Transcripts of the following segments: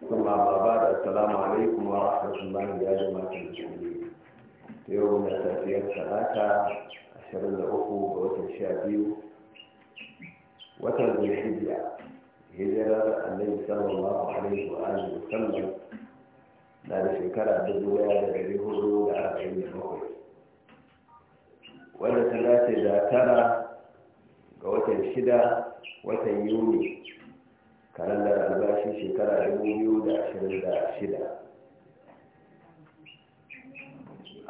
ثم أما بعد السلام عليكم ورحمة الله يا جماعة المسلمين يوم الثلاثية ثلاثة عشر الأخو وتشابيو وتر الحجة هجرة النبي صلى الله عليه وآله وسلم na da shekara dubu daya da dari hudu da arba'in da bakwai wadda ta dace kalandar albashi shekara 2026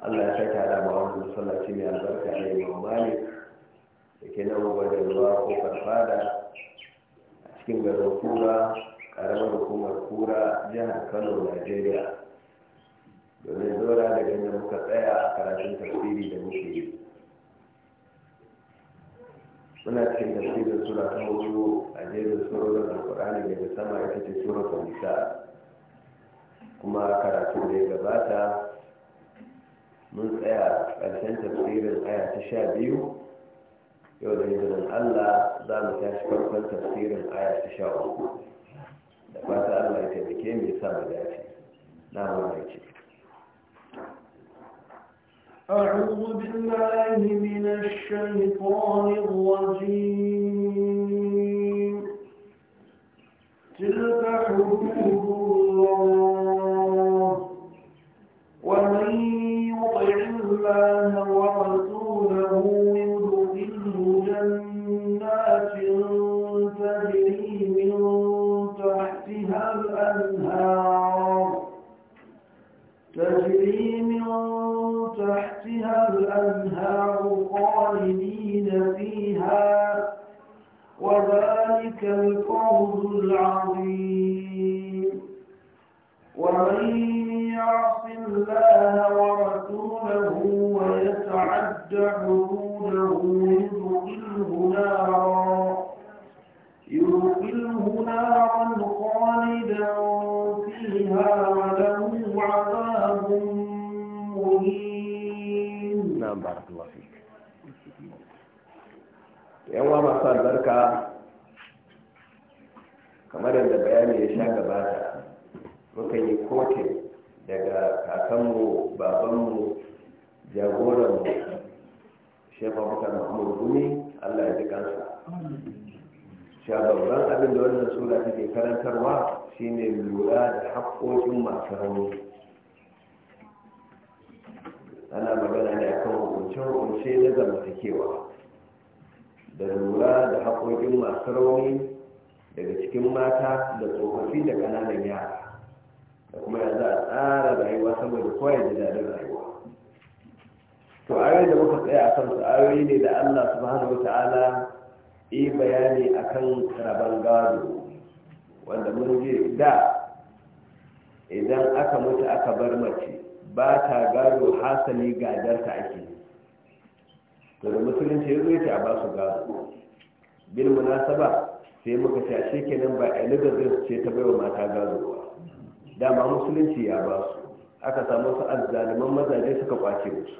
allah ya sake da ma wani masallaci mai albarka ne imam malik da ke nan wajen ruwa ko farfada a cikin garin kura karamar hukumar kura jihar kano nigeria domin dora da yadda muka tsaya a karatun tafsiri da muke yi muna cikin da sura ta hudu a jerin surorin alkur'ani daga sama ita ce ta nisa kuma karatu da ya gabata mun tsaya karshen tafsirin aya ta sha biyu yau da izinin allah za mu tashi farkon tafsirin aya ta sha uku da fata allah ya taimake mai sa mu dace na mamaye ce أعوذ بالله من الشيطان الرجيم تلك حدود الله الفوز العظيم ومن يعص الله ورسوله ويتعد حدوده يدخله نارا يدخله نارا خالدا فيها وله عذاب مهين نعم بارك الله فيك يا الله ما صار بركه kamar yadda bayani ya sha gabata muka yi kotin daga kakanmu babanmu jagoranmu shekwa bukar mahmud gumi allah ya ji kansa shababban abin da wannan sura take karantarwa shine lura da haƙoƙin masu rauni ana magana ne akan hukunce-hukunce na zamantakewa da lura da haƙoƙin masu rauni daga cikin mata da tsofaffi da kananan yara da kuma ya a tsara rayuwa saboda kowa ji daɗin rayuwa to ayoyi da muka tsaya a kansu ayoyi ne da allah subhanahu wa ta'ala yi bayani akan rabon gado wanda mun je da idan aka mutu aka bar mace ba ta gado hasali gadarta ake to da musulunci ya zo ya ce a ba su gado bil munasaba sai muka ce ashe kenan ba elizabeth ce ta baiwa mata gado ba dama musulunci ya ba su aka samu su azzaliman mazaje suka kwace musu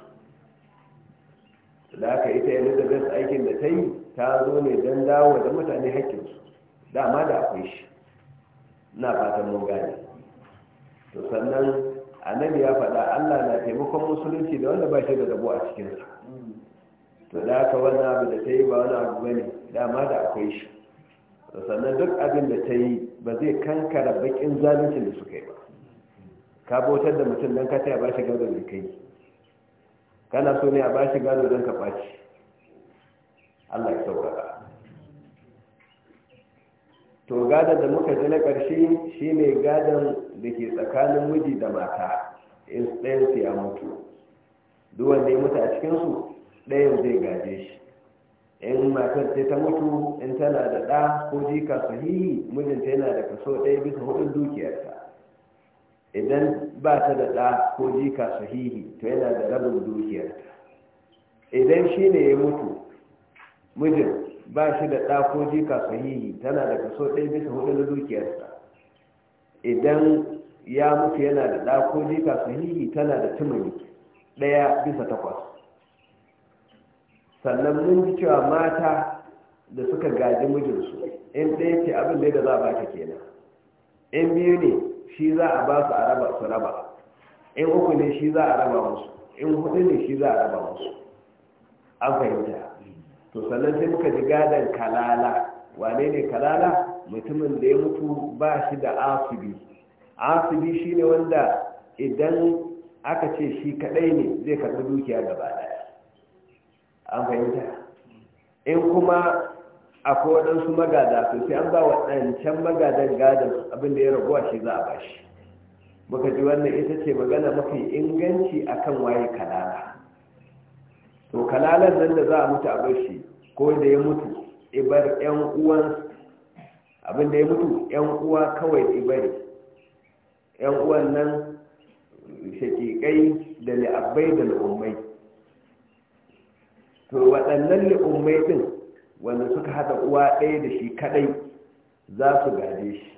da aka ita elizabeth aikin da ta yi ta zo ne don dawo da mutane haƙƙinsu dama da akwai shi na fatan mun gane to sannan annabi ya faɗa allah na taimakon musulunci da wanda ba shi da rabo a cikinsa to da aka wani abu da ta yi ba wani abu ba ne. dama da akwai shi sannan duk abin da ta yi ba zai kankara bakin zalincin da suka yi ba ka bautar da mutum don ka taya ba shi gado da kai kana so ne a ba gado don ka ɓaci allah ya saurara to gadon da muka ji na ƙarshe shi ne gadon da ke tsakanin miji da mata in ɗayan su ya mutu duk wanda ya mutu a cikinsu ɗayan zai gaje shi in matar ta mutu in tana da ɗa ko jika sahihi mijinta yana da kaso ɗaya bisa hudun dukiyarta idan ba ta da ɗa ko jika sahihi to yana da rabin dukiyarta idan shi ne ya mutu mijin ba shi da ɗa ko jika sahihi tana da kaso ɗaya bisa hudun dukiyarta idan ya mutu yana da ɗa ko jika sahihi tana da tumani ɗaya bisa takwas sannan mun ji cewa mata da suka gaji mijinsu in ɗaya ce abin da za a ba ta kenan in biyu ne shi za a ba su a raba su raba in uku ne shi za a raba musu in hudu ne shi za a raba musu an fahimta to sannan sai muka ji gadon kalala wane ne kalala mutumin da ya mutu ba shi da asibi asibi shine wanda idan aka ce shi kadai ne zai karbi dukiya gaba ɗaya an fahimta in kuma akwai waɗansu magada sosai an ba waɗancan magadan gadon abinda ya raguwa shi za a ba shi muka ji wannan ita ce magana mafi inganci akan waye kalala to kalalan nan da za a mutu a bashi ko da ya mutu ibar yan uwan abinda ya mutu yan uwa kawai ibari yan uwan nan shakikai da li'abbai da al'ummai to waɗannan li'ummai ɗin wanda suka haɗa uwa ɗaya da shi kaɗai za su gaje shi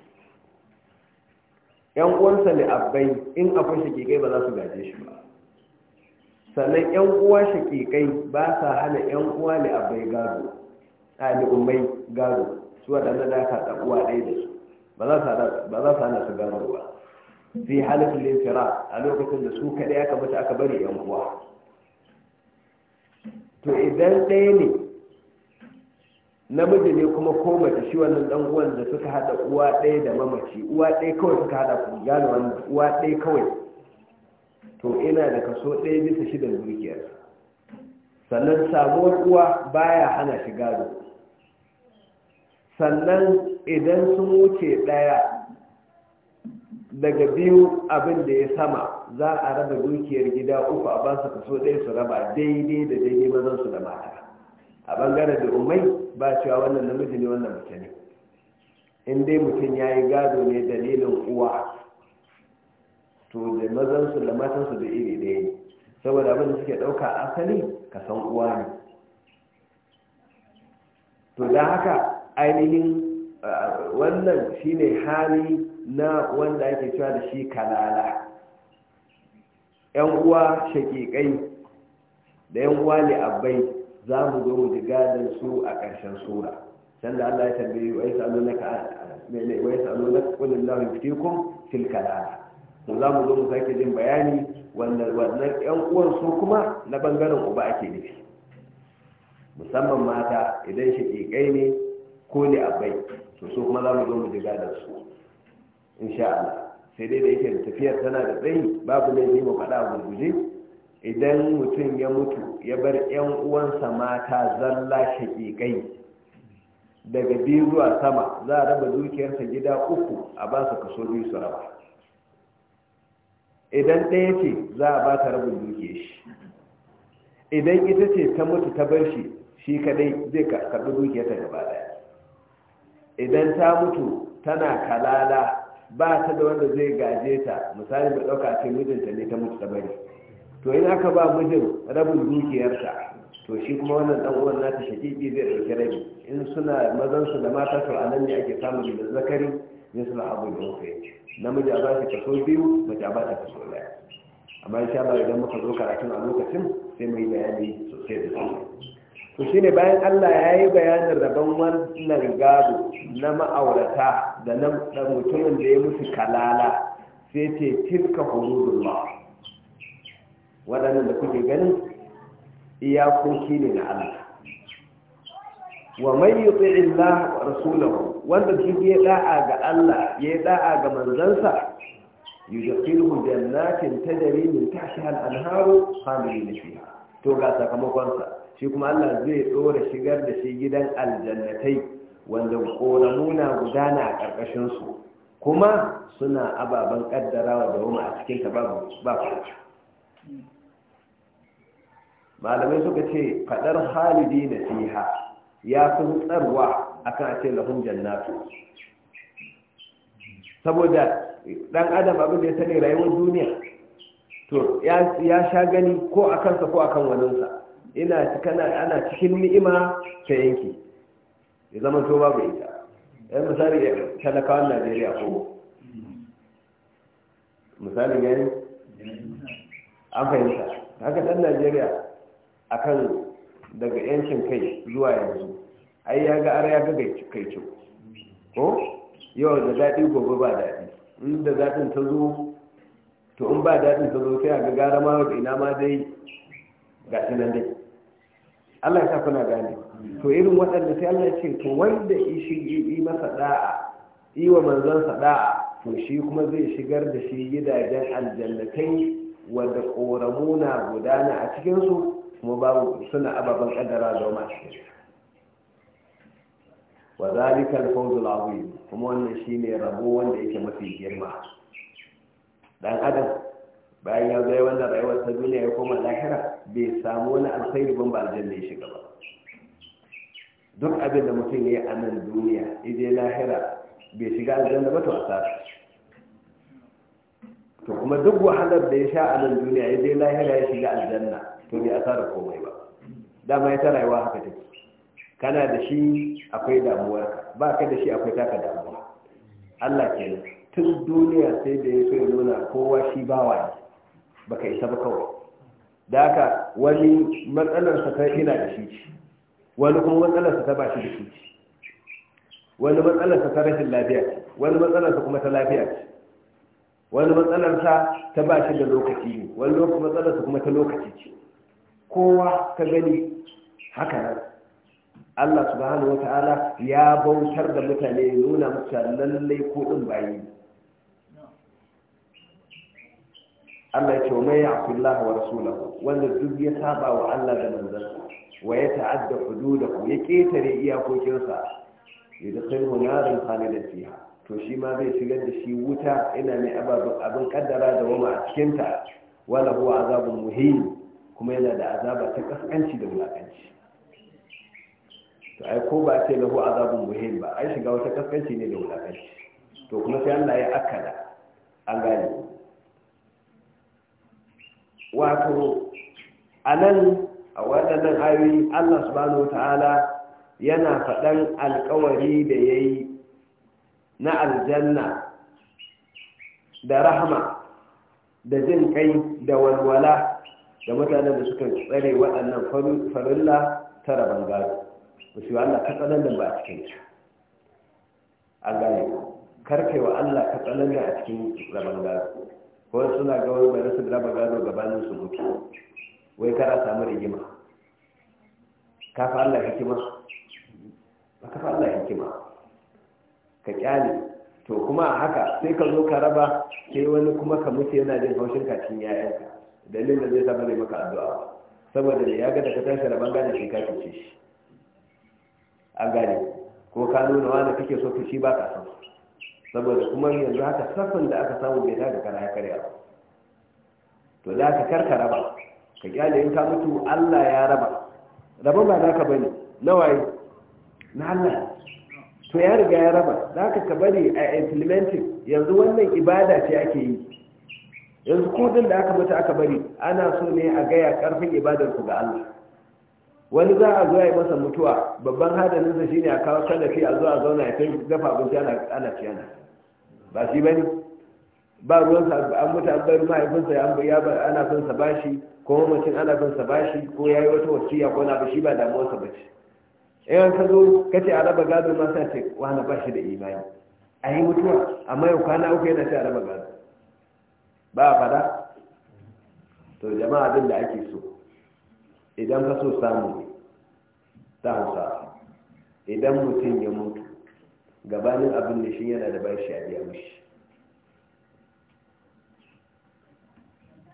‘yan uwansa li'abbai in akwai shakikai ba za su gaje shi ba sannan ‘yan uwa shakikai ba sa hana ‘yan uwa li'abbai gado a li'ummai gado su waɗanda za ka haɗa uwa ɗaya da su ba za su hana su gado ba fi halin lintira a lokacin da su kaɗai aka mutu aka bari ‘yan uwa to idan ɗaya ne namiji ne kuma ko mace shi wannan dan uwan da suka hada uwa ɗaya da mamaci uwa ɗaya kawai suka hada ku gane wannan uwa ɗaya kawai to ina da kaso ɗaya bisa shida dukiyar sannan samuwar uwa baya hana shi gado sannan idan sun wuce ɗaya daga biyu abin da ya sama za a raba dukiyar gida uku a ba su kaso ɗaya su raba daidai da daidai mazan su da mata a bangaren da umai ba cewa wannan namiji ne wannan mutane, ne in dai mutum ya yi gado ne dalilin uwa to da mazan su da matan su da iri ɗaya ne saboda abin da suke ɗauka asali ka san uwa ne to da haka ainihin wannan shine hali na wanda ake cewa da shi kalala 'yan uwa shaƙiƙai da 'yan uwa li'abbai za mu zo mu ji gadon su a ƙarshen sura sanda Allah ya tambayi wa yasa allo naka mene wa yasa allo naka kullu yuftikum fil kalam za mu zo mu sake jin bayani wanda wannan yan uwan su kuma na bangaren uba ake nufi musamman mata idan shaƙiƙai ne ko ne abai to su kuma za mu zo mu ji gadon su insha Allah sai dai da yake da tafiyar tana da tsayi babu laifi zai faɗa a gurguje idan mutum ya mutu ya bar 'yan uwansa mata zalla kai daga biyu zuwa sama za a raba dukiyarsa gida uku a ba su kaso biyu su raba idan ɗaya ce za a ba ta rabin dukiyar shi idan ita ce ta mutu ta bar shi shi kadai zai karɓi dukiyarta gaba ɗaya idan ta mutu tana kalala ba ta da wanda zai gaje ta misali mai ɗauka ce mijinta ne ta mutu ta bari to in aka ba mijin rabin dukiyarsa to shi kuma wannan dan uwan nata shakiki zai ɗauki rabi in suna mazan su da mata to a nan ne ake samun da zakari ne suna abu da namiji a ba shi kaso biyu mace a ba ta kaso daya amma in sha ba idan muka zo karatun a lokacin sai mai bayani sosai da sosai shi ne bayan Allah ya yi bayanin rabon wannan gado na ma'aurata da na mutumin da ya mutu kalala sai ce tilka hududullah waɗannan da kuke gani iyakoki ne na Allah wa mai yi tsirin wa rasulahu wanda duk ya da'a ga Allah ya da'a ga manzansa yudkhiluhu jannatin tajri min tahtiha al-anharu khalidin fiha to ga sakamakonsa. shi kuma Allah zai dora shigar da shi gidan aljannatai wanda koramu na gudana a karkashin su kuma suna ababen ƙaddarawa da wuma a cikin ta babu ba malamai suka ce fadar halidi na fiha ya fi tsarwa akan ce lahun jannatu saboda ɗan adam abin da ya sani rayuwar duniya to ya sha gani ko a kansa ko a kan waninsa ina kana ana cikin ni'ima ta yanki ya zama to babu ita yan misali ya talakawan najeriya ko Misali ne an fahimta haka dan najeriya akan daga yancin kai zuwa yanzu ai ya ga ara ya ga kai ce ko yau da daɗi gobe ba daɗi inda daɗin ta zo to in ba daɗin ta zo sai a ga gara ma ina ma dai ga nan dai Allah ya kuna gane to irin waɗanda sai Allah ya ce to wanda shi yi masa da'a yi wa sa da'a to shi kuma zai shigar da shi gidajen aljannatai wanda ƙoramuna na gudana a cikinsu kuma babu suna ababen da zama cikin wa zalika al-fawzul azim kuma wannan shine rabo wanda yake mafi girma dan adam bayan ya zai wanda rayuwar ta duniya ya koma lahira bai samu wani alkhairi ban ba aljanna ya shiga ba duk abin da mutum ya yi a nan duniya ije lahira bai shiga aljanna ba to a sata to kuma duk wahalar da ya sha a nan duniya ya je lahira ya shiga aljanna to bai asara komai ba dama ya ta rayuwa haka take kana da shi akwai damuwar ba ka da shi akwai taka damuwa Allah kenan tun duniya sai da ya so ya nuna kowa shi bawa wani baka isa ba kawai da haka wani matsalarsa ta ina da shi wani kuma matsalarsa ta ba shi da shi wani matsalarsa ta rashin lafiya ce wani matsalarsa kuma ta lafiya ce wani matsalarsa ta ba shi da lokaci ne wani matsalarsa kuma ta lokaci ce kowa ka gani haka nan Allah subhanahu wa ta'ala ya bautar da mutane nuna musu lallai ko din bayi Allah ya ce wa mai ya'fi Allah wa rasulahu wanda duk ya saba wa Allah da manzansa wa ya ta'adda hududahu ya ketare iyakokinsa sai yudkhilu narin khalidan fiha to shi ma zai shigar da shi wuta ina mai ababin abin kaddara da wama a cikinta ta wala huwa azabun muhim kuma yana da azaba ta kaskanci da wulakanci to ai ko ba ce lahu azabun muhim ba ai shiga wata kaskanci ne da wulakanci to kuma sai Allah ya akada an gane wato a nan a waɗannan ayoyi allah subhanahu ta'ala yana faɗan alkawari da ya yi na aljanna da rahama da jin kai da walwala da mutanen da suka tsare waɗannan farilla tara gado ba su yi allah katsalan da ba a cikin su a gane karfe wa allah katsalan da a cikin rabon gado kawai suna ga wai bari su raba gado gabanin su mutu wai kara samu rigima ka fa Allah hikima ka fa Allah hikima ka kyale to kuma a haka sai ka zo ka raba sai wani kuma ka mutu yana jin haushin kacin yayanka dalilin da zai sa bane maka addu'a saboda ne ya ga da ka tashi raban gane shi ka kace shi an gane ko ka nuna wani kake so ka shi ba ka san saboda kuma yanzu haka sassan da aka samu bai daga kara ya karya ba to da ka karka raba ka kyale in ka mutu Allah ya raba raba ba naka bane nawaye na Allah to ya riga ya raba za ka ka bari a implementing yanzu wannan ibada ce ake yi yanzu kudin da aka mutu aka bari ana so ne a gaya karfin ibadar ku ga Allah wani za a zo yi masa mutuwa babban hadarinsa shine a kawo tallafi a zo a zauna ya kai dafa abinci ana na ba shi bane ba ruwan sa an mutu an bayar mahaifinsa ya ya bar ana son sa bashi ko mamacin ana son sa bashi ko yayi wata wasiya ko na bashi ba damuwar sa bace in ka zo kace a raba gado ma sai ce wani ba shi da imani a yi mutuwa amma yau kwana uku yana ce a raba gado ba a fada to jama'a abin da ake so idan ka so samu ta hausa idan mutum ya mutu gabanin abin da shi yana da bashi a biya mashi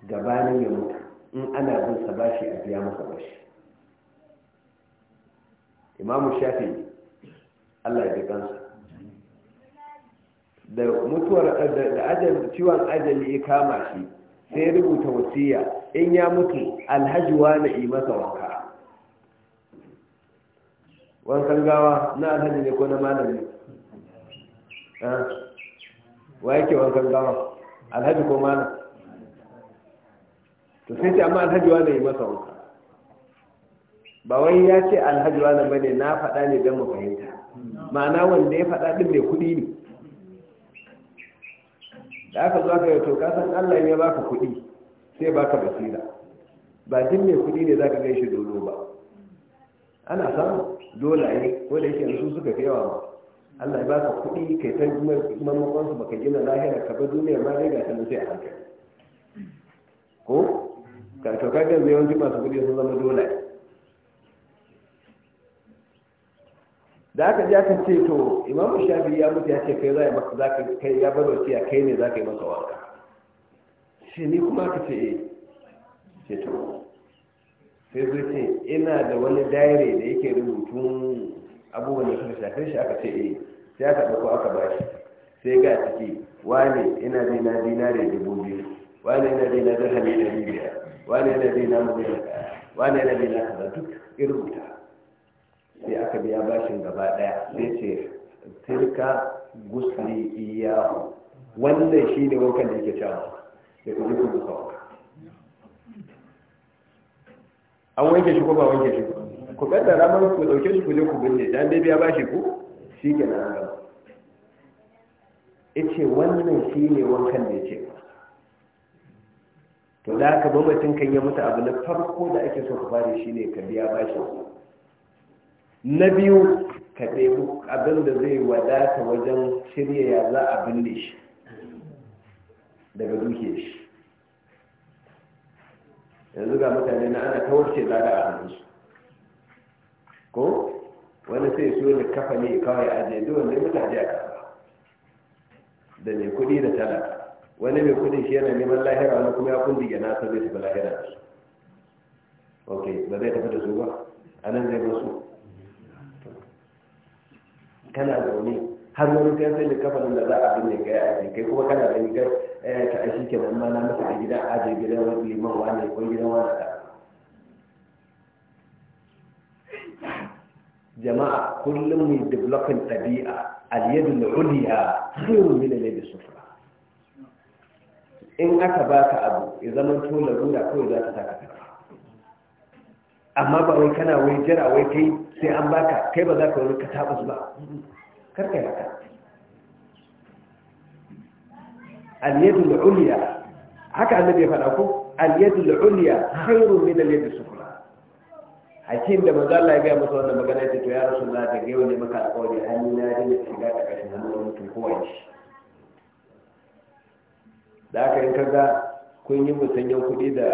gabanin ya mutu in ana bin sa bashi a biya masa bashi imamu shafi allah ya bi kansa da mutuwar da ciwon ajali ya kama shi sai rubuta wasiya in ya mutu alhaji na yi masa wanka wankan gawa na alhaji ne ko na malami wa yake wankan gawa alhaji ko malam to sai ce amma alhaji na yi masa wanka ba wai ya ce alhaji na bane na faɗa ne don mu fahimta ma'ana wanda ya faɗa ɗin mai kuɗi ne da aka zo aka yi to Allah ya baka kuɗi sai baka basira ba duk mai kuɗi ne zaka ga shi dolo ba ana samu ne ko da yake yanzu suka fi yawa ba Allah ya baka kuɗi kai ta mamakon ba baka gina lahira ka ba duniya ma dai ga ta sai a hankali ko ka to kaga yawanci masu kuɗi sun zama dolaye da aka ji aka ce to imam shafi ya mutu ya ce kai za masa za ka kai ya bar ya kai ne za ka yi masa wanka shi ni kuma ka ce e ce to sai zai ce ina da wani daire da yake rubutun abubuwan da suka shafi shi aka ce e sai aka ɗauko aka ba shi sai ga ciki wane ina dina dinare dubu biyu wane ina dina hannu da biyar wane ina dina miliyan wane ina dina kaza duk irin mutane sai aka biya bashin gaba daya sai ce tilka gusli iyahu wannan shi ne wankan da yake cewa da kuma ku gusa wanka an wanke shi ko ba wanke shi ku kaddara ramar ku dauke shi ku je ku binne dan dai biya bashi ku shi ke nan gaba yace wannan shi ne wankan da yake to da ba mamacin kan ya mutu abu na farko da ake so ka fara shi ne ka biya bashin na biyu ka ɗebi abin da zai wadata wajen shirya ya za a binne shi daga duke shi yanzu ga mutane na ana kawarce lada a hannunsu ko wani sai su ne kafa ne kawai a jeji wanda mutane a kafa da mai kuɗi da talaka wani mai kuɗin shi yana neman lahira wani kuma ya kundi ya nasa zai tafi lahira ok ba zai tafi da su ba a nan zai ba su kana zaune har wani kan sai da kafanin da za a da kai a kai kuma kana da kai eh, ta ashi kenan ma na masa a gidan aje gidan wani liman wani ko gidan wani da jama'a kullum mu developing ɗabi'a al-yadu al-ulya khairu min al-yadi sufla in aka baka abu ya zama to larura kawai za ta saka amma ba wai kana wai jira wai kai sai an baka kai ba za ka wani ka taɓa ba karka yaka aliyadul la'uliya haka annabi ya faɗa ko aliyadul la'uliya khairun min aliyadus sufla hakim da manzo Allah ya ga masa wannan magana ya ce to ya rasulullah da gaiwa ne maka alƙawari an yi na dinga shiga ta kashin hannu wani mutum ko wani da aka yin kaga kun yi musanyen kuɗi da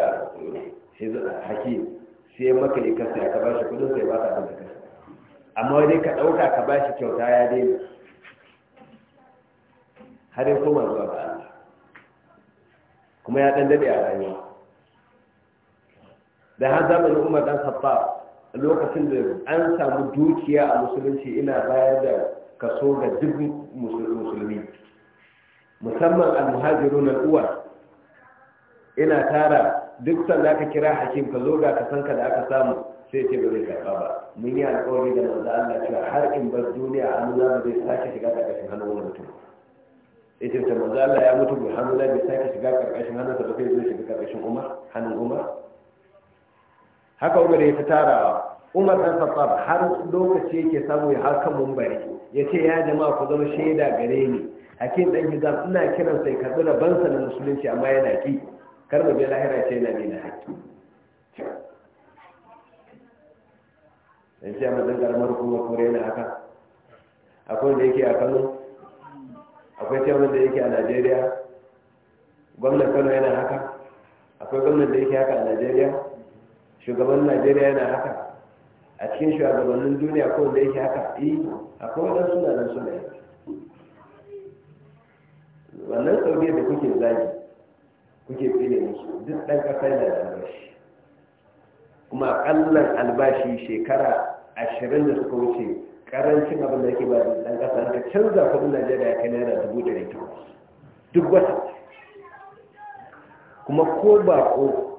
hakim sai maka ne kasa ya ka shi kudin sai ba ka abin da kasa amma wani ka ɗauka ka ba shi kyauta ya daina har ya kuma zuwa ba Allah kuma ya ɗan daɗe a rayuwa da har zamanin umar dan sabba, lokacin da an samu dukiya a musulunci ina bayar da kaso ga duk musulmi musamman al-muhadiru na uwa ina tara duk sanda ka kira hakim ka zo ga ka san ka da aka samu sai ce ba zai ba mun yi alƙawari da manzo Allah cewa har in bar duniya hannuna ba zai sake shiga ƙarƙashin hannun wani mutum ita ce manzo Allah ya mutu bai hannuna bai sake shiga ƙarƙashin hannun sa ba sai zai shiga ƙarƙashin Umar hannun Umar haka Umar ya ta tara Umar dan Khattab har lokaci yake samu ya har kan mumbari yace ya jama'a ku zama shaida gare ni hakim dan Hizam ina kiran sai karbi rabansa na musulunci amma yana ki kar mu je lahira ce na bi na haƙƙi in ce mazan karamar kuma kore na haka akwai da yake a kano akwai chairman da yake a najeriya gwamnan kano yana haka akwai gwamnan da yake haka a najeriya shugaban najeriya yana haka a cikin shugabannin duniya ko da yake haka yi e, akwai wadansu suna nan suna yi wannan sauye da kuke zagi kuke da musu duk ɗan ƙasar yana da albashi kuma ƙallan albashi shekara ashirin da suka wuce ƙarancin abin da yake ba ɗan ƙasa da canza kudin najeriya ya kai naira dubu ɗari takwas duk wata kuma ko bako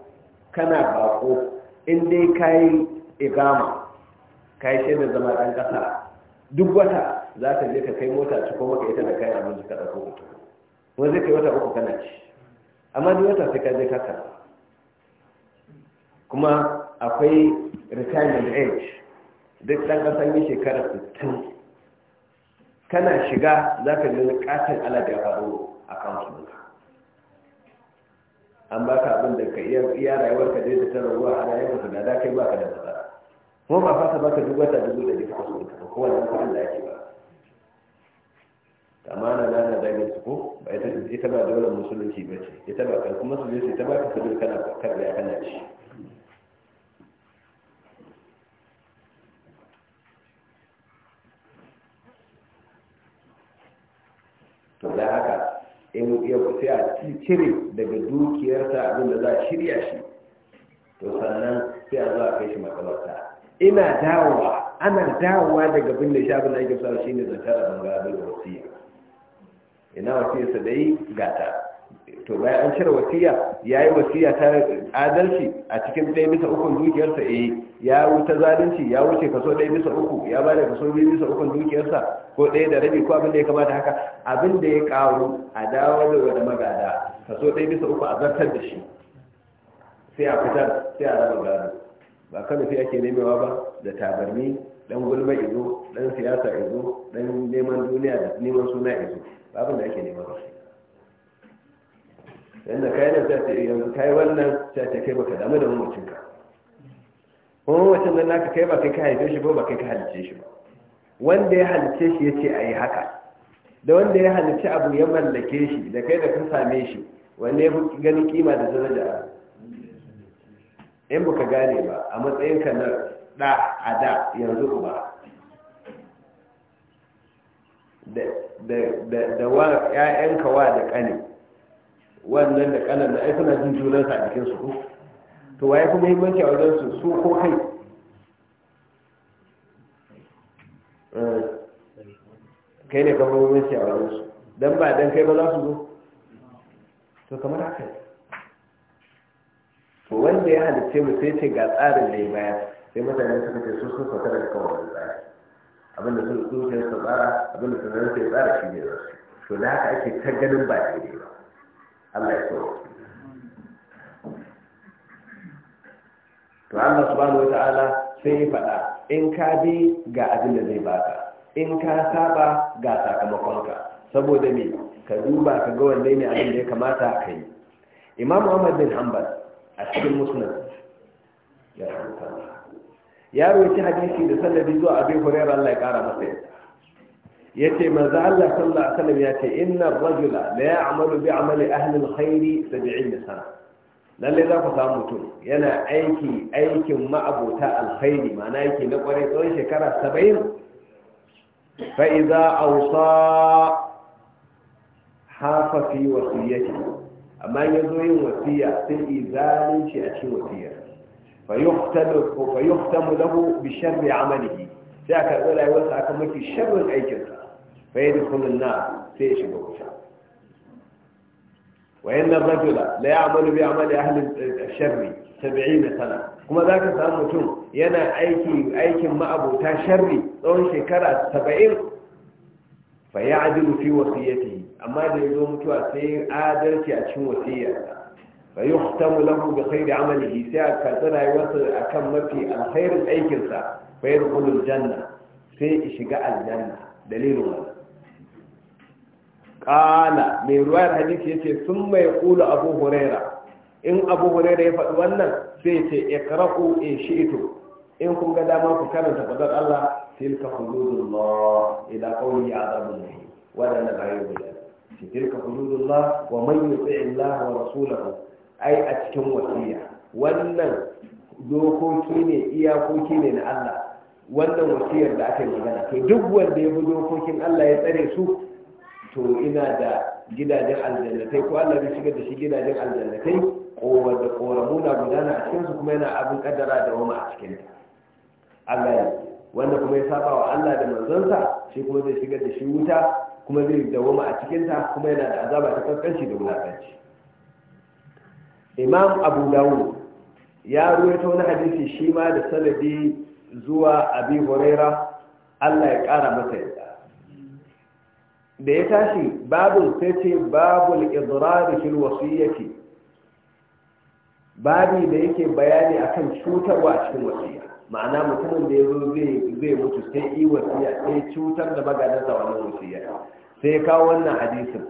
kana bako in dai ka yi igama ka yi shaidar zama ɗan ƙasa duk wata za ka je ka kai mota ci ko maka ita da kayan abinci ka ɗauko hoto wani zai kai wata uku kana ci amma duk wata sai ka kasa kuma akwai retirement age duk ɗan ƙasan yi shekara 60 kana shiga za ka nuna ƙatin alaga faru a kansu an ba ka abin da ka iya rayuwar ka dai da ta rabuwa a rayuwar ka da kai ba ka da matsala kuma ba fasa ba ka duk wata dubu da duka kusa ko wani kuɗin da ake ba amana na na dage su ko ba ita ita ba dole musulunci ba ce ita ba kan kuma su ita ba ka kudi kana karya kana ci to da haka in ya sai a cire daga dukiyarsa abin da za a shirya shi to sannan sai a zo a kai shi makamarta ina dawowa ana dawowa daga bin da shi abin da ake sa shi ne zantar abin ga da wasiya ina wasiyarsa da yi gata to bayan an cire wasiya ya yi wasiya ta adalci a cikin ɗaya bisa ukun dukiyarsa eh ya wuce zalunci ya wuce kaso ɗaya bisa uku ya ba da kaso biyu bisa ukun dukiyarsa ko ɗaya da rabi ko abin da ya kamata haka abin da ya kawo a dawo da wani magada kaso ɗaya bisa uku a zartar da shi sai a fitar sai a raba gado ba kan sai ake nemewa ba da tabarni dan gulma izo dan siyasa izo dan neman duniya da neman suna izo abin da ake nema ba yanda kai nan ta ce eh, yanzu kai wannan ta ce kai baka damu da mamacin ka kuma mamacin nan naka kai baka kai ka haife shi ko baka kai ka halice shi ba wanda ya halice shi ya ce a yi haka da wanda ya halice abu ya mallake shi da kai da ka same shi wanda ya fi ganin kima da daraja in baka gane ba a matsayin ka na ɗa a da yanzu ba da wa ‘ya’yan wa da ƙane wannan da ƙanan da ai suna jin junansa a jikinsu su to waye kuma muhimmanci a wajensu su ko kai eh, kai ne kamar muhimmanci a wajensu don ba don kai ba za su zo to kamar haka wanda ya halitta mu sai ce ga tsarin da ya bayar sai mutane suka ce su sun fata daga kan wani tsari abinda sun tsohon su tsara abinda sun zai sai tsara shi ne za su to da haka ake ta ganin ba ne ba Allah ya so to Allah subhanahu wataala sai ya faɗa in ka bi ga abin da zai baka in ka saba ga sakamakonka saboda me ka duba ka ga wanne ne abin da ya kamata ka yi Imam Ahmad bin Hanbal a cikin Musnad ya rubuta ya roci hadisi da sanadi zuwa abin hurairar Allah ya ƙara masa yadda ya ce maza Allah sallallahu alaihi wasallam ya ce inna rajula la ya'malu bi amali ahli alkhairi 70 sana lalle za ku samu mutum yana aiki aikin ma'abota alkhairi ma'ana yake na kwarai tsawon shekara 70 fa idza awsa hafa fi wasiyati amma yazo yin wasiya sai izalinci a cikin wasiyar فيختم له بشر عمله ساكر ولا يوسع كما في شر أيكنس فيدخل النار سيشبه وشعب وإن الرجل لا يعمل بعمل أهل الشر سبعين سنة كما ذاك سأمتون ينا أيكي أيكي ما أبو تا شر دون شكرة سبعين فيعدل في وصيته أما دي يوم توا سير آدلتي أتشم وصيته fa da lahu bi khairi amalihi sai a karɓi rayuwarsa akan mafi alkhairin aikinsa fa yadkhulul janna sai shiga aljanna dalilin wannan kala mai ruwayar hadisi yace sun mai kula abu huraira in abu huraira ya faɗi wannan sai ce ya in shi'tu in kun ga dama ku karanta fadar Allah tilka hududullah ila qawli azabun muhim wadannan ayoyi guda wa man yuti wa rasulahu ai a cikin wasiya wannan dokoki ne iyakoki ne na Allah wannan wasiyar da aka yi magana to duk wanda ya bi dokokin Allah ya tsare su to ina da gidajen aljannatai ko Allah zai shigar da shi gidajen aljannatai ko wanda koramu na gudana a cikin su kuma yana abin kaddara da wama a cikin Allah ya wanda kuma ya saba wa Allah da manzonsa shi kuma zai shigar da shi wuta kuma zai dawoma a cikin ta kuma yana da azaba ta kankanci da wulakanci imam abu dawud ya ruwaito wani hadisi shi ma da sanadi zuwa abi huraira allah ya kara masa yadda da ya tashi Babu sai ce babul idrari fil wasiyyati babi da yake bayani akan cutarwa a cikin wasiyya ma'ana mutumin da ya zo zai mutu sai yi wasiyya sai cutar da da wannan wasiyya sai kawo wannan hadisin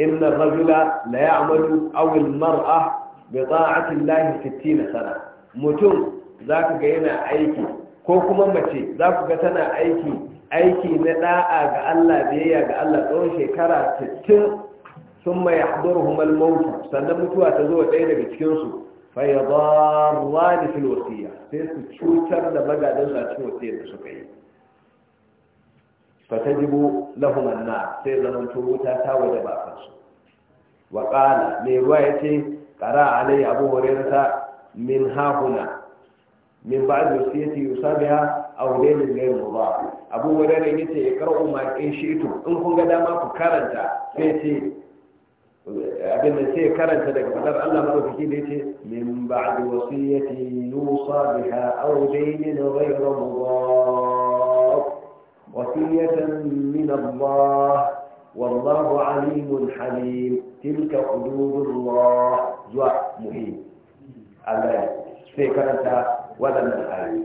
إن الرجل لا يعمل أو المرأة بطاعة الله ستين سنة متون ذاك جينا أيكي كوكما متي ذاك جتنا أيكي أيكي نداء جعل بيا جعل طول شكرا ستين ثم يحضرهم الموت سنمتوا تزوى دينا بتكنسوا فيضاران في الوصية سيسكتشوتر لبقى دنسا تشوتين بسكين fatajibu lahum anna sai zaman wuta ta waje ba kansu wa qala me ruwa yace qara alai abu hurairata min hahuna min ba'd wasiyati yusabiha aw dayn ghayr mudaf abu hurairata yace qara'u ma in shi'tu in kun ga dama ku karanta sai ce abin da sai karanta daga fadar Allah madaukaki da yace min ba'd wasiyati yusabiha aw dayn ghayr mudaf عافية من الله والله عليم حليم تلك حدود الله جوا مهيب على فكرة ولم الحال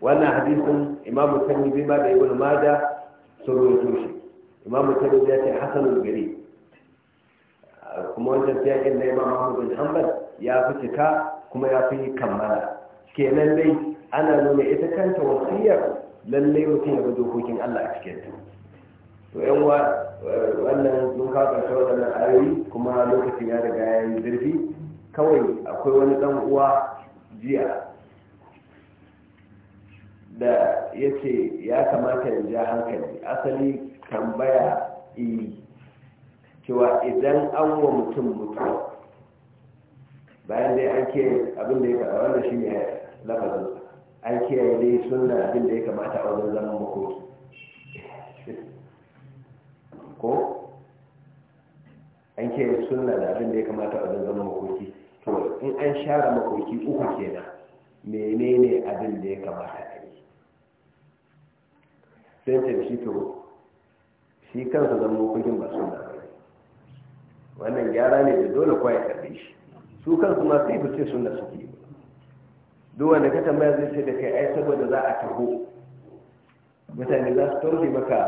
وانا حديث امام التلمي بما يقول ماذا سروي توشي امام التلمي ياتي حسن البري كما انت تيجي ان امام محمد بن حنبل يا فتكا كما يا في كمالا كي لن بيت ana nuna ita kanta wasiyar lallai mutum ya bi dokokin Allah a cikin ta to yan wa wannan mun ka ƙarshe wannan ayoyi kuma lokacin ya riga ya yi zurfi kawai akwai wani dan uwa jiya da ya ya kamata ya ja hankali asali tambaya i cewa idan an wa mutum mutu bayan dai an ke abin da ya faɗa wannan shi ne lafazin an kiyaye dai suna abin da ya kamata a wajen zaman makoki ko an kiyaye suna da abin da ya kamata a wajen zaman makoki to in an share makoki uku kenan menene abin da ya kamata a yi sai ce shi to shi kansa zama makokin ba suna wannan gyara ne da dole kwa karbe shi su kansu ma sai fice suna suke yi duk wanda ka tambaya zai ce da kai ai saboda za a taho mutane za su tauri maka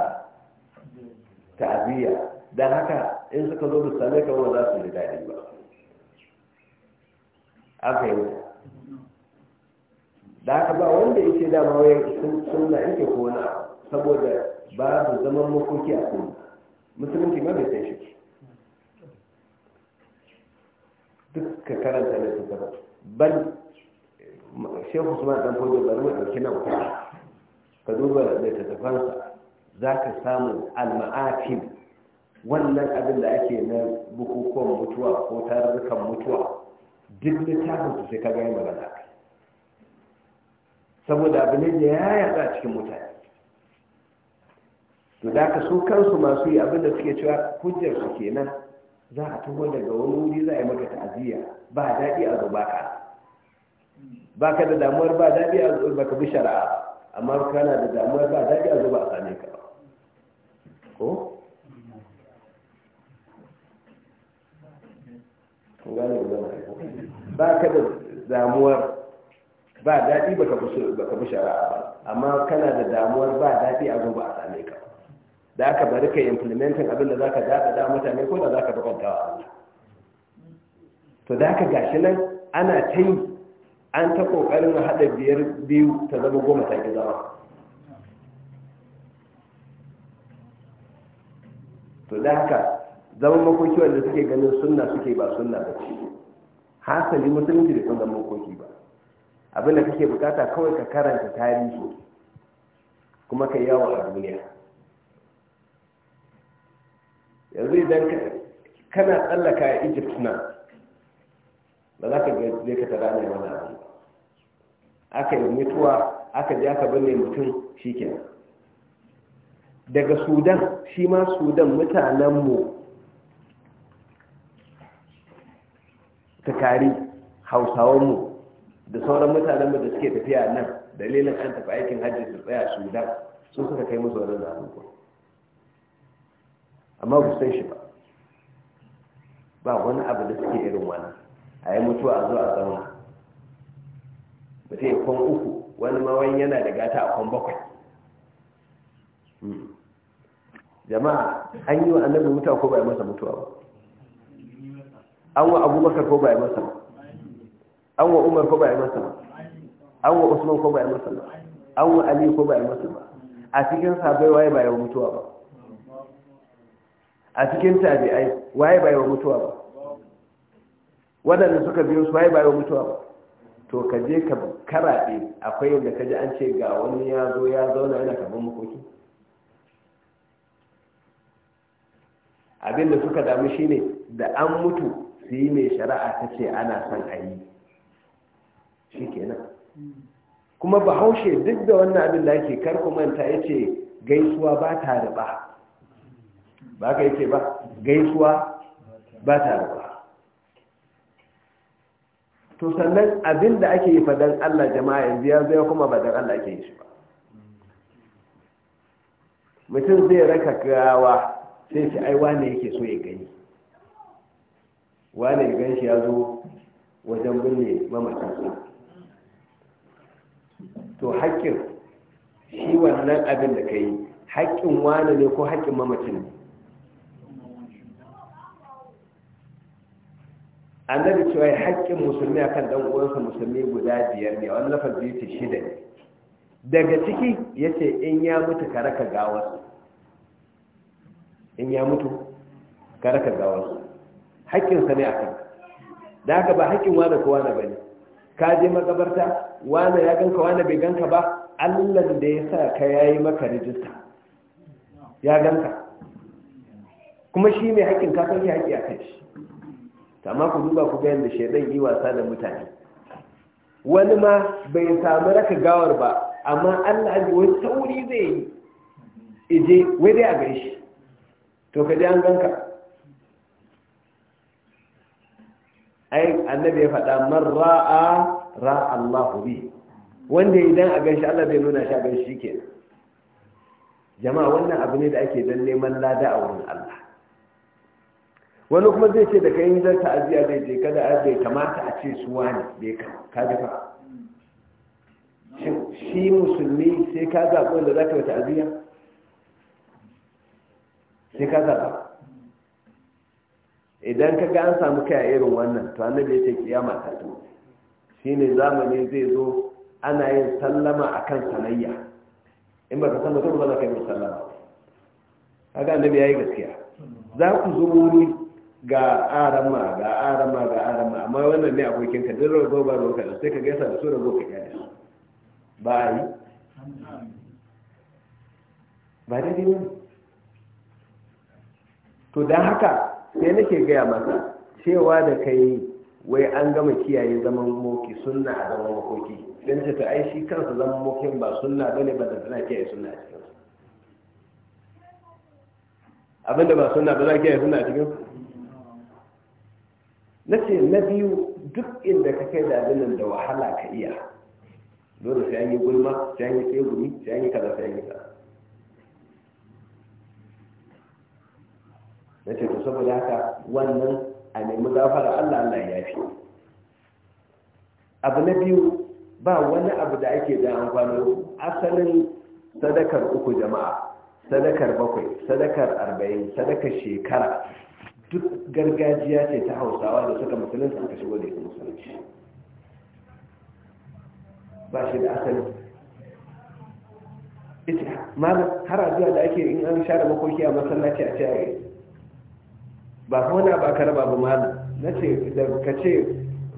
ta'aziyya don haka in suka zo da same ka wanda za su yi daɗi ba aka fahimta da haka ba wanda yake dama wayan suna yake kona saboda ba su zaman makoki a kuma musulunci ma bai sai shi duk ka karanta da su ban shehu usman dan fodo bari mu dauki nan ka duba littattafansa za ka samu alma'afin wannan abin da ake na bukukuwan mutuwa ko tarurrukan mutuwa duk littafin su sai ka gaya magana saboda abin da ya yatsa cikin mutane to da ka su kansu masu yi abin da suke cewa hujjar su kenan za a taho daga wani wuri za a yi maka ta'aziyya ba daɗi a zuba ka ba ka da damuwar ba daɗi a zuwa baka bi shari'a amma kana da damuwar ba daɗi a zuwa a same ka ba ko ba ka da damuwar ba daɗi baka bi shari'a ba amma kana da damuwar ba daɗi a zuwa a same ka da aka bari ka implementin abin da za ka daɗa da mutane ko da za ka bakwanta to da aka gashi nan ana ta an ta kokarin a haɗa biyar biyu ta zama goma ta ke zama to da haka zama makoki wanda suke ganin sunna suke ba sunna ba ce hasali musulunci da sun zama makoki ba abin da kake bukata kawai ka karanta tarihi kuma ka yawo a duniya yanzu idan kana tsallaka a egypt na ba za ka je ka tara ne wani abu aka yi mutuwa aka ji aka binne mutum shikenan daga sudan shi ma sudan mutanenmu takari hausawanmu da sauran mutanenmu da suke tafiya nan dalilin an tafi aikin hajji su tsaya sudan sun suka kai musu wani ku amma ba san shi ba ba wani abu da suke irin wani a yi mutuwa a zo a zauna sai kwan uku wani mawan yana da gata a kwan bakwai hmm. jama'a an yi wa annabi mutuwa ko bai masa mutuwa ba an wa abubakar ko bai masa ba an wa umar ko bai masa ba an wa usman ko bai masa ba an wa ali ko bai masa ba a cikin sabai waye bai mutuwa ba a cikin tabi'ai waye bai mutuwa ba wadanda suka biyo su waye bai mutuwa ba to ka je ka karaɗe akwai yadda ka ji an ce ga wani ya zo ya zauna yana kamar makoki abinda suka damu shine da an mutu su yi mai shari'a ta ce ana son a yi shi kenan kuma bahaushe duk da wannan abin da ake manta ya ce gaisuwa ba ta ba. ba ka yake ba gaisuwa ba ta ba. to sannan abin da ake yi fadan Allah jama'a yanzu ya zai kuma fadan Allah ake yi shi ba mutum zai raka gawa sai shi ai wane yake so ya gani wane ya gan shi ya zo wajen binne mamacin to haƙƙin shi wannan abin da ka yi haƙƙin wane ne ko haƙƙin mamacin ne annabi cewa haƙƙin musulmi akan ɗan uwansa musulmi guda biyar ne wani biyu ta shida ne daga ciki yace in ya mutu ka raka gawar in ya mutu ka raka gawar haƙƙin sa ne akan da haka ba haƙƙin ko wane ba ne. ka je makabarta wane ya ganka wane bai ganka ba Allah da ya sa ka yi maka rijista ya ganka kuma shi ne haƙƙin ka san shi haƙƙi a shi amma ku duba ku ga da shaidan yi wasa da mutane wani ma bai sami raka gawar ba amma Allah ne wani sauri zai yi ije wai dai a shi to ka an ganka ai annabi ya faɗa man ra'a ra'a Allahu bi wanda idan a shi Allah bai nuna shi a shi ke jama'a wannan abu ne da ake dan neman lada a wurin Allah wani kuma zai ce da kayan zan ta'aziyya zai je kada a bai kamata a ce su wani bai ka fa shi musulmi sai ka zaɓi wanda za ka yi ta'aziyya sai ka zaɓa idan ka ga an samu kaya irin wannan to annabi ya ce kiyama ta zo ne zamani zai zo ana yin sallama a kan sanayya in ka san mutum ba za ka yi sallama kaga annabi yi gaskiya za ku zo wuri ga arama ga arama ga arama amma wannan ne abokin ka dole go ba roka ka sai ka gaisa da su go ka kyale su ba a yi ba daidai wani to dan haka sai nake gaya masa cewa da kai wai an gama kiyaye zaman moki sunna a zaman makoki don ce ta shi kansa zaman mokin ba sunna ba ne ba da tana kiyaye sunna a cikin abinda ba sunna ba za kiyaye sunna a cikin na ce na biyu duk inda ka kai da abin da wahala ka iya dole sai an yi gulma sai an yi tsegumi sai an yi kaza sai an yi kaza na ce to saboda haka wannan a nemi gafara allah allah ya fi abu na biyu ba wani abu da ake da amfani asalin sadakar uku jama'a sadakar bakwai sadakar arba'in sadakar shekara duk gargajiya ce ta hausawa da suka musulunci suka shigo da ita musulunci ba shi da asali ita malam har azuwa da ake in an share makoki a masallaci a ciyaye ba kuma ba ka raba ba malam na ce da ka ce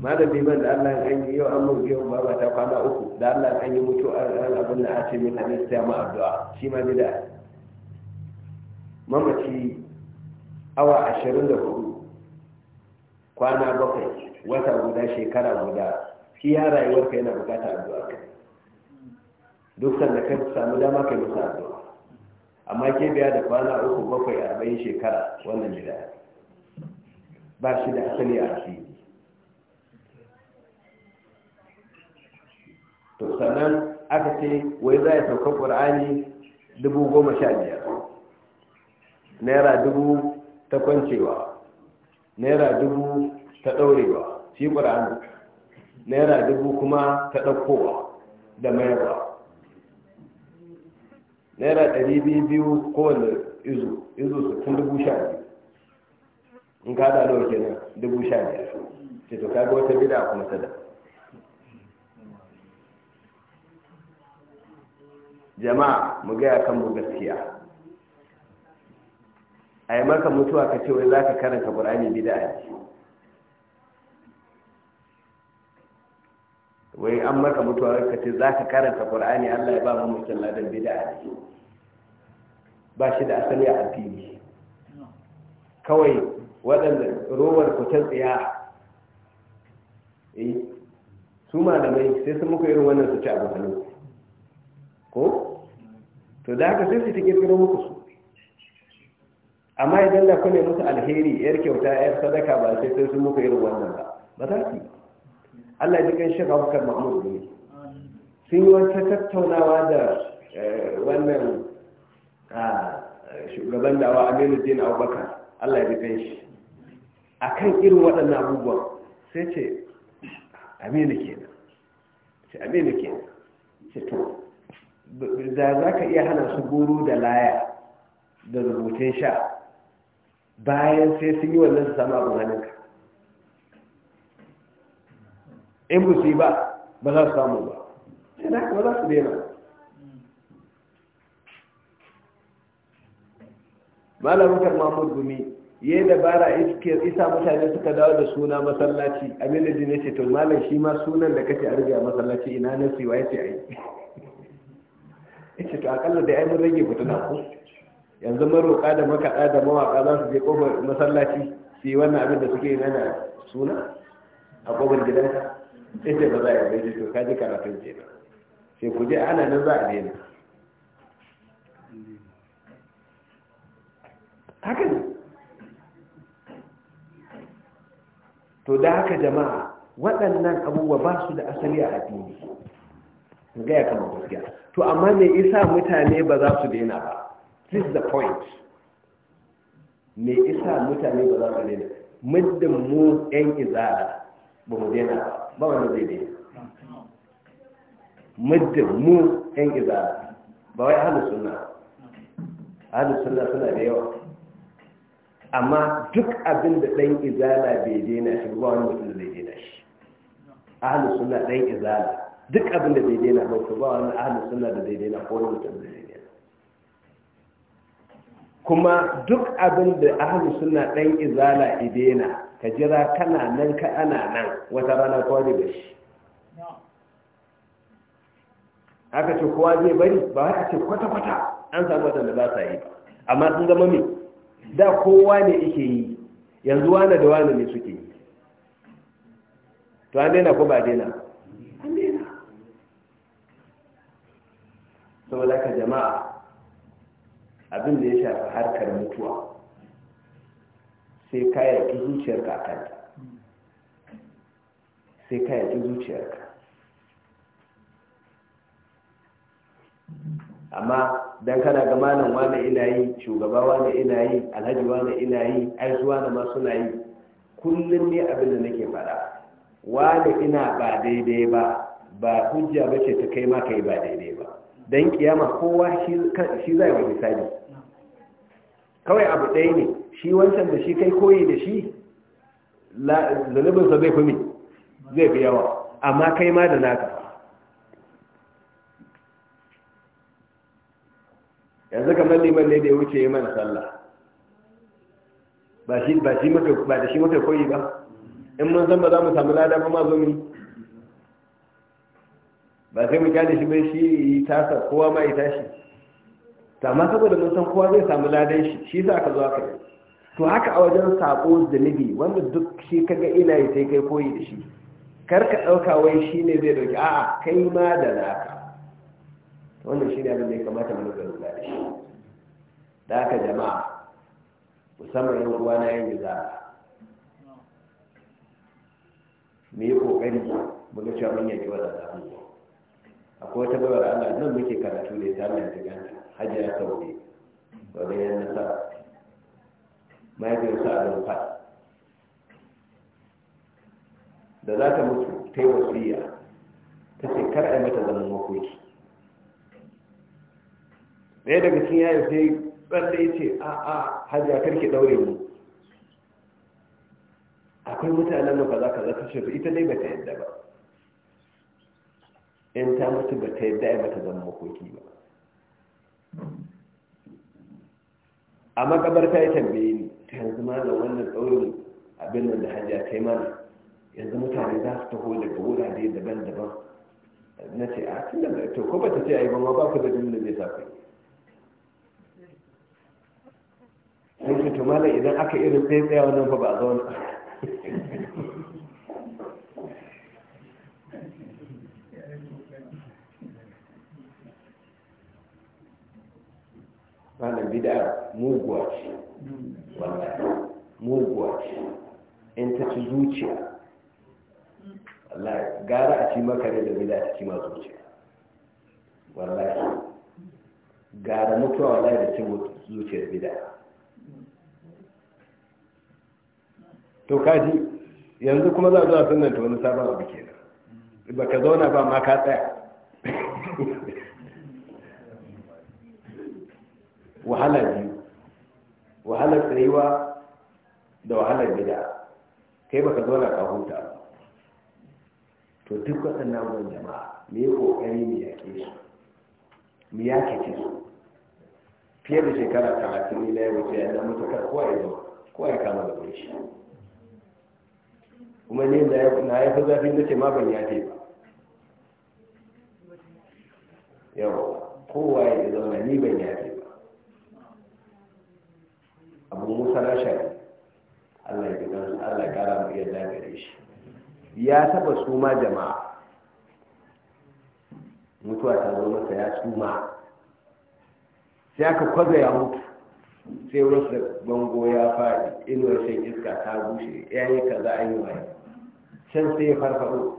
malam liman da allah an yi yau an murge yau ba ta kwana uku da allah an yi mutu ran abin da a ce min yi ta ma addu'a shi ma bida mamaci awa ashirin da hudu kwana bakwai wata guda shekara guda shi ya rayuwarka yana bukata zuwa kai duk sanda ka samu dama kai musu addu'a amma ke biya da kwana uku bakwai arba'in shekara wannan gida ba shi da asali a asiri to sannan aka ce wai za a sauka ƙur'ani dubu goma sha biyar naira dubu ta kwancewa naira dubu ta ɗaurewa shi ƙura'ani naira dubu kuma ta ɗaukowa da mayarwa naira ɗari biyu biyu kowane izu izu tun dubu sha biyu in ka da nawa kenan dubu sha biyar ce to kaga wata a kuma ta da jama'a mu gaya kan mu gaskiya a yi maka mutuwa ka ce wai za ka karanta ƙur'ani bida'a ce wai an maka mutuwa ka ce za ka karanta ƙur'ani allah ya ba mu mutum ladan bida'a ce ba shi da asali a addini kawai waɗanda rowar ku ta tsaya eh, su malamai sai sun muka irin wannan su ci abu hannu ko to da haka sai su ta kirkiro muku su amma idan da kuma musu alheri yar kyauta yar sadaka ba sai sai sun muku irin wannan ba ba za ki Allah ya kan shi Abubakar Mahmud ne sun yi wata tattaunawa da eh, wannan ah, shugaban dawa Aminu Jin Abubakar Allah ya kan shi akan irin waɗannan abubuwan sai ce Aminu kenan ce Aminu kenan ce to da za ka iya hana su goro da laya da rubutun sha bayan sai sun yi wannan su samu abin hannunka in ba su yi ba ba za su samu ba sai da haka ba za su daina malamin karmamud gumi ya yi dabara isa mutane suka dawo da suna masallaci abin da jini ce to malam shi ma sunan da kake a rage a masallaci ina nasi wa ya ce a yi ita to akalla da ya yi mun rage fitina ko yanzu maroka da makaɗa da mawaƙa za su je ƙofar masallaci su yi wannan abin da suke yi nana suna a ƙofar gidanka sai ce ba za a yi to ka ji karatun ce nan sai ku je ana nan za a daina haka ne to da haka jama'a waɗannan abubuwa ba su da asali a addini gaya kama gaskiya to amma me isa mutane ba za su daina ba this is the point me isa mutane ba za su daina muddin mu yan iza ba mu daina ba wani zai daina muddin mu yan iza ba wai ahlus sunna ahlus sunna suna da yawa amma duk abin da ɗan izala bai daina shi ba wani mutum zai daina shi ahlus sunna ɗan izala duk abin da bai daina ba ba wani ahlus sunna da zai daina ko wani mutum zai daina kuma duk abin da ahlu sunna dan izala idena ka jira kana nan ka ana nan wata rana kawai da shi aka ce kowa zai bari ba haka ce kwata-kwata an samu da ba sa yi amma sun zama mai da kowa ne ike yi yanzu wane da wane ne suke yi to an daina ko ba daina an daina saboda ka jama'a abin da ya shafi harkar mutuwa sai ka yaki zuciyarka a kanta sai ka yaki zuciyarka amma dan kana ga malam wane ina yi shugaba wane ina yi alhaji wane ina yi aizuwa na ma suna yi kullum ne abin da nake fara, wani ina ba daidai ba ba hujja bace ta kai ma kai ba daidai ba dan kiyama kowa shi zai wani misali kawai abu ɗaya ne shi wancan da shi kai koyi da shi zunubinsa zai fi zai fi yawa amma kai ma da naka yanzu kamar liman ne da ya wuce mana sallah ba da shi muka koyi ba in mun san ba za mu samu lada ba ma ba sai mu kyale shi mai shi tasa kowa ma yi tashi ta amma saboda mun san kowa zai samu ladan shi shi yasa aka zo aka yi to haka a wajen sako zunubi wanda duk shi kaga ina yi sai kai koyi da shi kar ka ɗauka wai shi ne zai ɗauki a'a kai ma da naka wannan shi ne abin da ya kamata mu ga lura da shi da haka jama'a musamman yan uwa na yin za mu yi kokari mu ga cewa mun yaki wannan abubuwa akwai wata bayar Allah nan muke karatu ne ta mai ganta hajiya tauri wadda ya nasa mahaifiyarsa a lokacin da za ta mutu ta yi wasiya ta ce kar a mata zaman makoki ɗaya daga cikin yayin sai tsalle ya ce a a hajiya karki ɗaure mu akwai mutanen da za ka ta shafi ita dai bata yadda ba in ta mutu ba ta yadda ya mata zama makoki ba a ta yi tambayi ne ta yanzu mana wannan tsaurin abin nan da hajja kai mana yanzu mutane za su taho daga wurare daban-daban na ce a tun da to ko bata ce a yi ba ba ku da jimla zai sa kai sun ce to malam idan aka irin tsaye tsaya wannan fa ba a zauna malam bid'a muguwa ce wallahi muguwa ce in ta ci zuciya wallahi gara a ci makare da bid'a ta ci ma zuciya wallahi gara mutuwa wallahi da ci zuciyar bid'a to kaji yanzu kuma za a zuwa a sannan ta wani sabon abu kenan ba ka zauna ba ma ka tsaya wahala biyu wahalar tsayuwa da wahalar gida kai baka zauna ka huta to duk waɗannan abubuwan jama'a me kokari mu yake su mu yake ce su fiye da shekara talatin ne na yau ce na matukar kowa ya zo kowa ya kama da kunshi kuma ne na haifi zafi na ce ma ban yafe ba yau kowa ya zauna ni ban yafe abu musa na shari allah ya gidan allah ya kara mu yadda gare shi ya taba suma jama'a mutuwa ta zo masa ya suma sai aka kwaza ya mutu sai wasu bango ya faɗi inuwar shan iska ta bushe ya yi kaza an yi waye can sai ya farfaɗo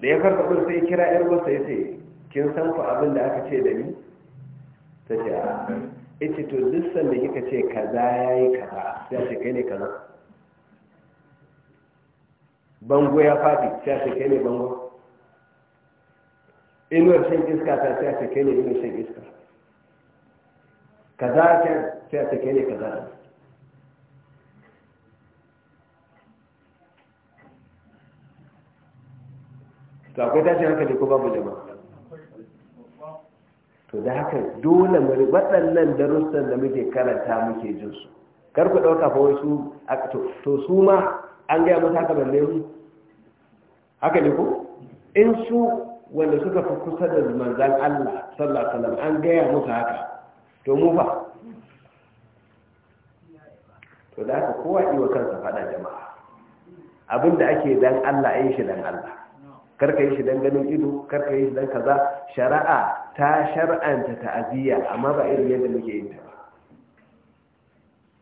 da ya farfaɗo sai kira yar wasa ya ce kin san ku abin da aka ce da ni ta ce a ita to duk sanda kika ce kaza ya yi kaza sai ce kai ne kaza bango ya fadi sai ce kai ne bango inuwar shan iska ta sai ce kai ne inuwar shan iska kaza ta sai ce kai ne kaza to akwai tashin hankali ko babu jama'a to da haka dole mu waɗannan darussan da muke karanta muke jin su kar ku ɗauka fa wasu to su ma an gaya musu haka balle mu haka ne ko in su wanda suka fi kusa da manzan Allah sallallahu alaihi wasallam an gaya musu haka to mu fa to da haka kowa yi kansa fada jama'a abin da ake dan Allah yi shi dan Allah karka yi shi dan ganin ido karka yi shi dan kaza shari'a ta shar'anta ta'aziyya amma ba irin yadda muke yin ta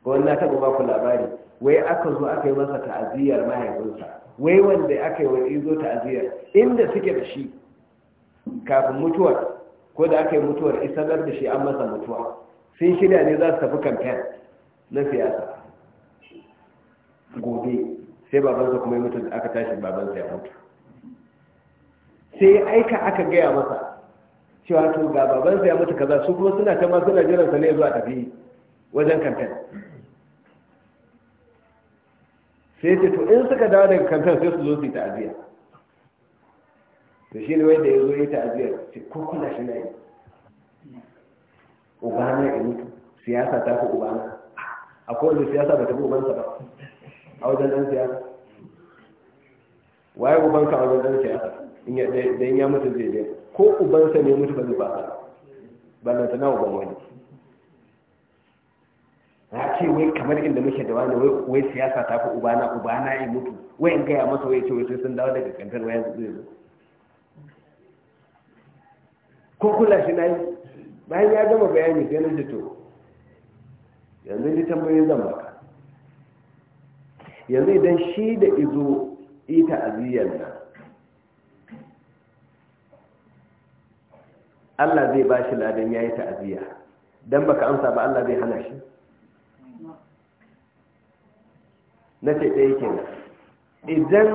ba ko na taɓa ba ku labari wai aka zo aka yi masa ta'aziyyar mahaifinsa wai wanda aka yi wa izo ta'aziyyar inda suke da shi kafin mutuwar ko da aka yi mutuwar isanar da shi an masa mutuwa sun shirya ne za su tafi kamfen na siyasa gobe sai babansa kuma yi mutu aka tashi babansa ya mutu sai aika aka gaya masa cewa to ga babansa ya mutu kaza su kuma suna ta ma suna jiran sa ne zuwa tafi wajen kamfen sai ce to in suka dawo daga kamfen sai su zo su yi ta'aziyya to shi ne wanda ya zo yi ta'aziyya ce ko kuna shi na yi ubana ya mutu siyasa ta fi ubana akwai wanda siyasa ba ta fi ubansa ba a wajen ɗan siyasa waye ubanka a wajen ɗansa ya In ya mutu zai je ko ubansa ne mutu ba zuba. ba ba na tana uban wani na ce wai kamar inda muke da wani wai siyasa ta fi ubana ubana ya mutu wai in gaya masa wai ce wai sun dawo daga kantar waya zai zo ko kula shi na yi bayan ya gama bayani sai na to yanzu ni tambayi zan baka yanzu idan shi da izo ita aziyar nan Allah zai ba shi ladan ya yi ta'aziyya don baka amsa ba Allah zai hana shi na ce ɗaya kenan idan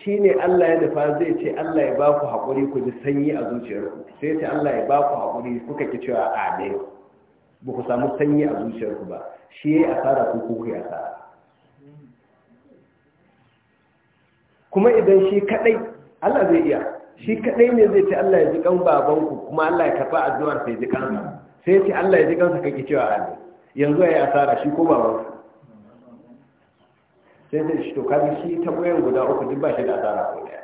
shi ne Allah ya nufa zai ce Allah ya ba ku haƙuri ku ji sanyi a zuciyarku sai ce Allah ya ba ku haƙuri kuka ki cewa a ne ba ku samu sanyi a zuciyarku ba shi ya yi asara ku kuka yi asara kuma idan shi kadai Allah zai iya shi kadai ne zai ce Allah ya ji kan babanku kuma Allah ya karba addu'ar sai ji kan sai ya ce Allah ya ji kansa kake cewa Allah yanzu yayi asara shi ko baban sai ce shi to kabi shi ta goyen guda uku duk ba shi da asara ko daya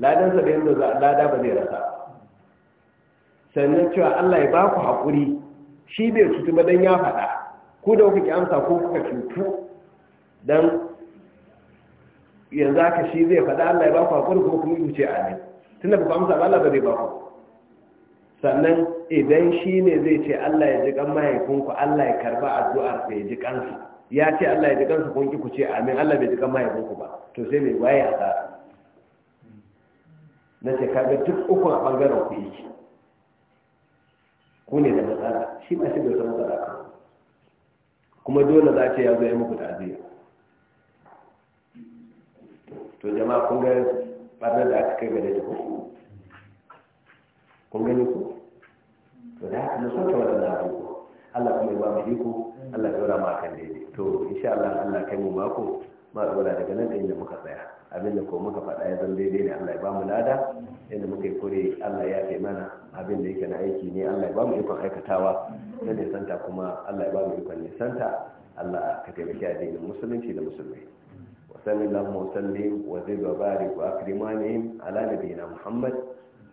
ladan sa da yanzu lada ba zai rasa sannan cewa Allah ya baku hakuri shi bai cutu ba dan ya faɗa ku da kuke ki amsa ko kuka cutu dan yanzu aka shi zai faɗa Allah ya ba ku hakuri kuma kuma yuce a ne tunda ba ku amsa ba Allah ba zai ba ku sannan idan shi ne zai ce Allah ya ji kan mahaifinku Allah ya karba addu'ar ku ya ji kansa ya ce Allah ya ji kansa kun ki ku ce amin Allah bai ji kan mahaifinku ba to sai mai waye asara na ce kaga duk uku a bangaren ku yake ku ne da matsala shi ma shi san matsala kuma dole za ce ya zo ya muku ta'aziyya to jama'a kun ga barnar da aka kai ga daji ko kun gani ko to da haka na so ta waɗannan ko Allah kuma ya ba mu iko Allah ya rama mu akan daidai to insha Allah Allah kai mu mako ma dora daga nan da inda muka tsaya abinda ko muka faɗa ya zan daidai ne Allah ya ba mu lada inda muka yi kore Allah ya kai mana abin da yake na aiki ne Allah ya ba ikon aikatawa na nisanta kuma Allah ya ba mu ikon nisanta Allah ka taimaki addinin musulunci da musulmai سم اللهم وسلم وزد وبارك وأكرمانهم على نبينا محمد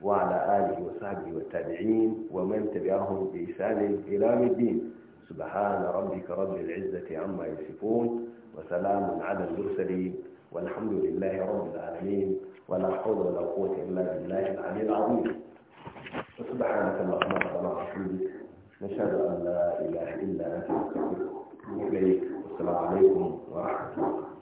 وعلى آله وصحبه والتابعين ومن تبعهم بإحسان إلى الدين سبحان ربك رب العزة عما يصفون وسلام على المرسلين والحمد لله رب العالمين ولا حول ولا قوة إلا بالله العلي العظيم سبحانك اللهم وبحمدك نشهد أن لا إله إلا أنت نستغفرك اليك والسلام عليكم ورحمة الله